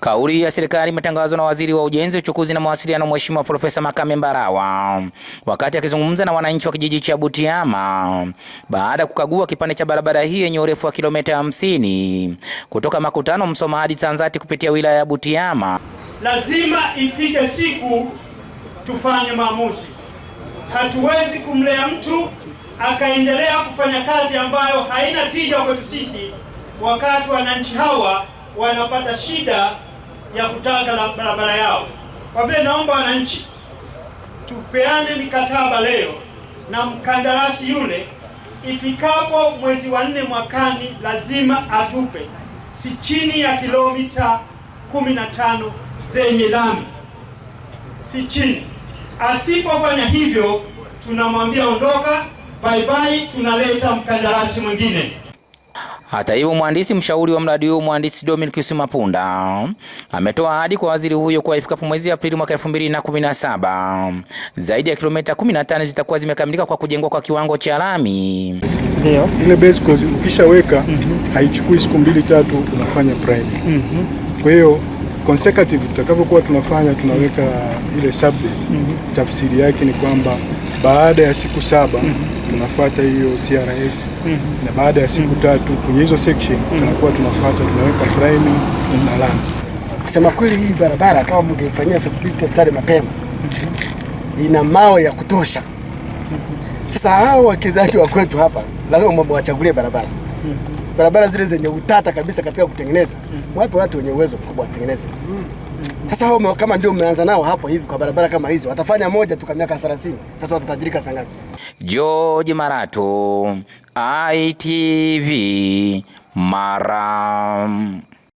Kauli ya serikali imetangazwa na waziri wa ujenzi, uchukuzi na mawasiliano, Mheshimiwa Profesa Makame Mbarawa wakati akizungumza na wananchi wa kijiji cha Butiama baada ya kukagua kipande cha barabara hii yenye urefu wa kilomita hamsini kutoka Makutano Msoma hadi Sanzati kupitia wilaya ya Butiama. Lazima ifike siku tufanye maamuzi. Hatuwezi kumlea mtu akaendelea kufanya kazi ambayo haina tija kwetu sisi, wakati wananchi hawa wanapata shida ya kutaka na barabara yao. Kwa vile naomba wananchi tupeane mikataba leo na mkandarasi yule, ifikapo mwezi wa nne mwakani lazima atupe si chini ya kilomita 15 zenye lami, si chini. Asipofanya hivyo tunamwambia ondoka, bye bye, tunaleta mkandarasi mwingine. Hata hivyo, mhandisi mshauri wa mradi huo mhandisi Dominic Mapunda ametoa ahadi kwa waziri huyo kuwa ifikapo mwezi Aprili mwaka 2017 zaidi ya kilomita 15 zitakuwa zimekamilika kwa kujengwa kwa kiwango cha lami. Ndio. Ile base course ukishaweka mm -hmm. haichukui siku mbili tatu unafanya prime. Mm -hmm. Kwa hiyo consecutive tutakavyokuwa tunafanya tunaweka ile sub base. Mm -hmm. Tafsiri yake ni kwamba baada ya siku saba mm -hmm. tunafuata hiyo CRS mm -hmm. na baada ya siku mhm. tatu kwenye hizo section mm -hmm. tunakuwa tunafuata tunaweka train mm -hmm. na lami. Kusema kweli, hii barabara kama mngefanyia feasibility study mapema mm -hmm. ina mawe ya kutosha mhm. Sasa hao wawekezaji wa kwetu hapa lazima mambo wachagulie barabara mm -hmm. barabara zile zenye utata kabisa katika kutengeneza mm -hmm. wape watu wenye uwezo mkubwa watengeneze mm -hmm. Sasa hao kama ndio mmeanza nao hapo hivi kwa barabara kama hizi watafanya moja tu kwa miaka 30. Sasa watatajirika ngapi? George Marato, ITV Mara.